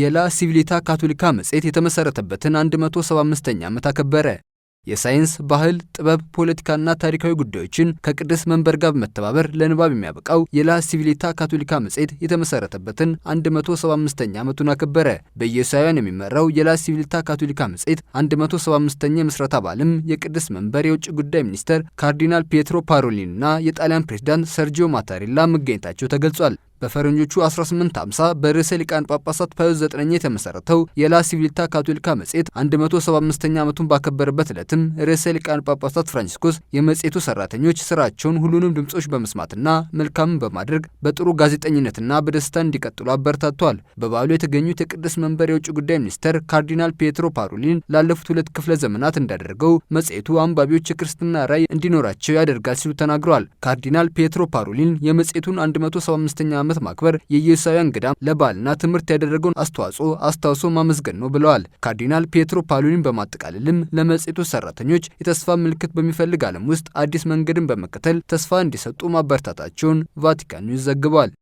የላ ሲቪሊታ ካቶሊካ መጽሔት የተመሰረተበትን 175ኛ ዓመት አከበረ። የሳይንስ፣ ባህል፣ ጥበብ፣ ፖለቲካና ታሪካዊ ጉዳዮችን ከቅዱስ መንበር ጋር በመተባበር ለንባብ የሚያበቃው የላ ሲቪሊታ ካቶሊካ መጽሔት የተመሰረተበትን 175ኛ ዓመቱን አከበረ። በኢየሱሳውያን የሚመራው የላ ሲቪሊታ ካቶሊካ መጽሔት 175ኛ የምስረታ በዓልም የቅዱስ መንበር የውጭ ጉዳይ ሚኒስተር ካርዲናል ፒየትሮ ፓሮሊንና የጣሊያን ፕሬዝዳንት ሰርጂዮ ማታሪላ መገኘታቸው ተገልጿል። በፈረንጆቹ 1850 በርዕሰ ሊቃን ጳጳሳት ፓዮስ ዘጠነኛ የተመሰረተው የላ ሲቪልታ ካቶሊካ መጽሔት 175ኛ ዓመቱን ባከበረበት ዕለትም ርዕሰ ሊቃን ጳጳሳት ፍራንሲስኮስ የመጽሔቱ ሰራተኞች ስራቸውን ሁሉንም ድምፆች በመስማትና መልካምን በማድረግ በጥሩ ጋዜጠኝነትና በደስታ እንዲቀጥሉ አበረታቷል። በበዓሉ የተገኙት የቅዱስ መንበር የውጭ ጉዳይ ሚኒስተር ካርዲናል ፔትሮ ፓሮሊን ላለፉት ሁለት ክፍለ ዘመናት እንዳደረገው መጽሔቱ አንባቢዎች የክርስትና ራዕይ እንዲኖራቸው ያደርጋል ሲሉ ተናግረዋል። ካርዲናል ፔትሮ ፓሮሊን የመጽሔቱን 175ኛ ዓመት ዓመት ማክበር የኢየሱሳውያን ገዳም ለባህልና ትምህርት ያደረገውን አስተዋጽኦ አስታውሶ ማመስገን ነው ብለዋል። ካርዲናል ፔትሮ ፓሎኒን በማጠቃለልም ለመጽሔቱ ሰራተኞች የተስፋ ምልክት በሚፈልግ ዓለም ውስጥ አዲስ መንገድን በመከተል ተስፋ እንዲሰጡ ማበረታታቸውን ቫቲካን ኒውስ ዘግቧል።